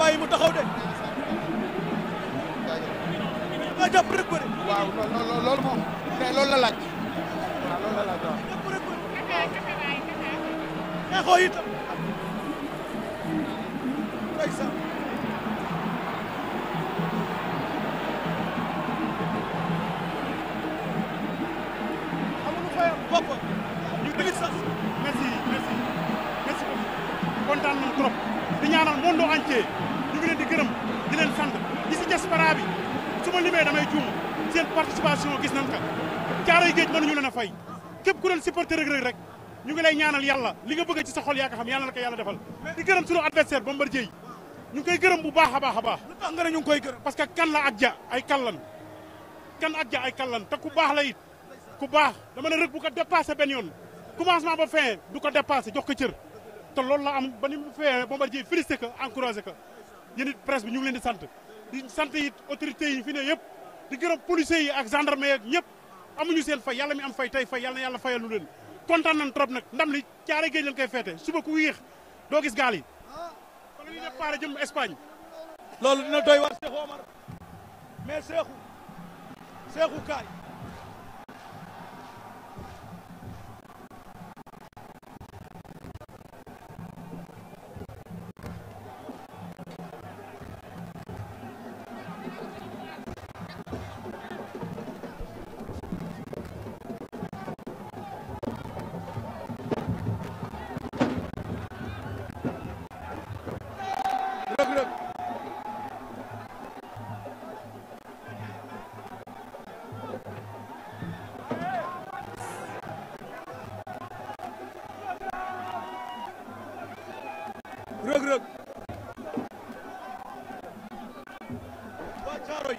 bàyyi mu taxaw de. nga jàpp rek bëri. waaw loolu loolu loolu la laaj. loolu la laaj waaw. jàpp rek bëri. xeexoo itam. ndeysaan. amuñu fayam bopp. trop di ñaanal monde entier. ma limee damay juum seen participation gis nañ ko caaray géej mënuñu leen a fay képp ku doon supporter Reug Reug rek ñu ngi lay ñaanal yàlla li nga bëgg ci sa xol yaa ko xam yàlla na ko yàlla defal di gërëm suñu adversaire Bombardier ñu koy gërëm bu baax a baax a lu tax nga ne ñu koy gërëm parce que kan la ak ja ay kallan kan ak ja ay kallan te ku baax la it ku baax dama ne rek bu ko dépassé benn yoon commencement ba fin du ko dépassé jox ko cër te loolu la am ba ni mu fee Bombardier félicité ko encouragé ko yéen it presse bi ñu ngi leen di sant di sant it autorités yi fi ne yëpp di gërëm policiers yi ak gendarme yi ak ñëpp ñu seen fay yàlla mi am fay tay fay yàlla na yàlla fayal leen kontaan nañ trop nag ndam li caare géej lañ koy feete suba ku yéex doo gis gaal yi kon ñu départ jëm Espagne loolu dina doy waar Cheikh Omar mais Cheikhou Cheikhou Kaay Reug Reug waa Caaroy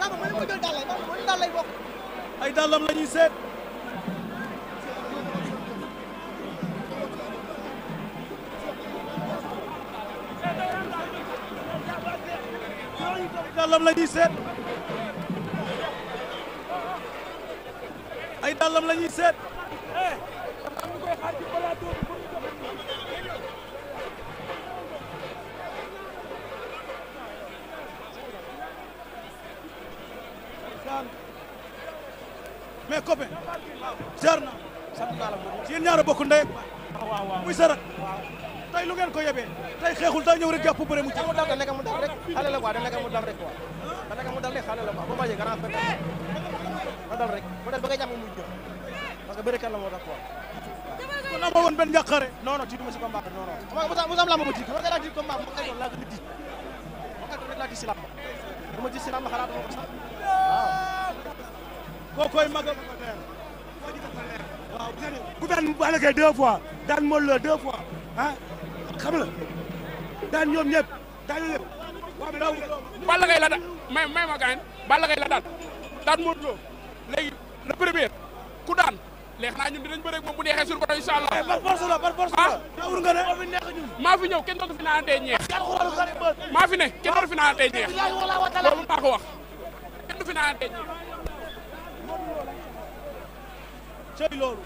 ay dàllam la ñuy ay dàllam la ñuy seet. ay dàllam la ñuy seet. eh copain jar na sant naa la bu yéen ñaar bokk ndey muy sarak tey lu ngeen ko yebee tey xeexul daa ñëw rek jàpp bëre mu ci mu dal da nekk mu dal rek xale la quoi da nekk mu dal rek quoi da nekk mu dal rek xale la quoi boo bàyyee grand frère ma dal rek mu dal ba nga jàpp muy jëm parce que bëre kan la moo tax quoi kon amoo woon benn njàqare non non tiituma si combat non non mu sam lamb ma tiit war nga daa tiit combat ma kay doon laa gën a tiit ma kay doon rek laa tiit si lamb dama tiit si lamb xalaatuma ko sax kokoy magam waaw ku daan Balla Gaye deux fois daan Modou Lo deux fois ah xam la daan ñoom ñëpp daan lépp waaw Balla Gaye la daan may may ma gaañ Balla Gaye la daan daan Modou Lo léegi le premier ku daan léegi xanaa ñun dinañ bëre ak moom bu neexee suñu borom incha allah. Eh, par force la par force la. Ah, dawul nga ne moo fi neex ñun. maa fi ñëw kenn dootu fi naanatee ñeex. maa fi ne kenn dootu fi naanatee ñeex. loolu maa ko wax kenn du fi naanatee ñeex. cey loolu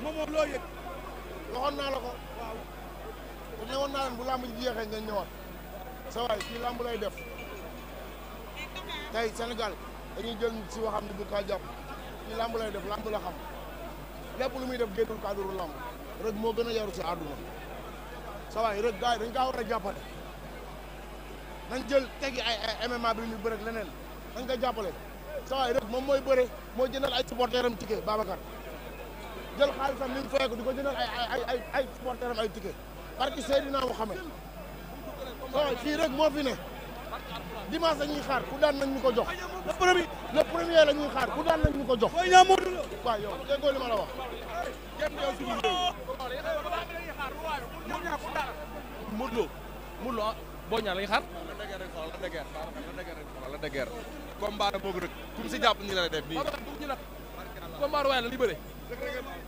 moomoo loo yëg waxoon naa la ko waaw te ne woon naa leen bu làmb ji jeexee ngeen ñëwaat làmb lay def tey Sénégal dañuy jël si waxam ne bu kaa jàpp kii làmb lay def làmb la lépp lu muy def génnul cadre lamb moo gën a yaru si àdduna sa waay rek gars yi dañ kaa war a jàppale nañ jël tegi ay ay MMA bi muy leneen nañ ko jàppale sa waay moom mooy bëre moo jënal ay supporteram ticket Babacar jël xaalisam ni mu di ko jëndal ay ay ay ay supporteram ay ticket parce fii rek moo fi ne dimanche la ñuy xaar ku daan nañ ko jox. le premier le premier la ñuy xaar ku daan nañ ñu ko jox. waaye yow déggoo li ma Lo Modou Lo Boy Niang la ñuy xaar. la dëgër combat boog rek kum si jàpp ni la def nii. combat waaye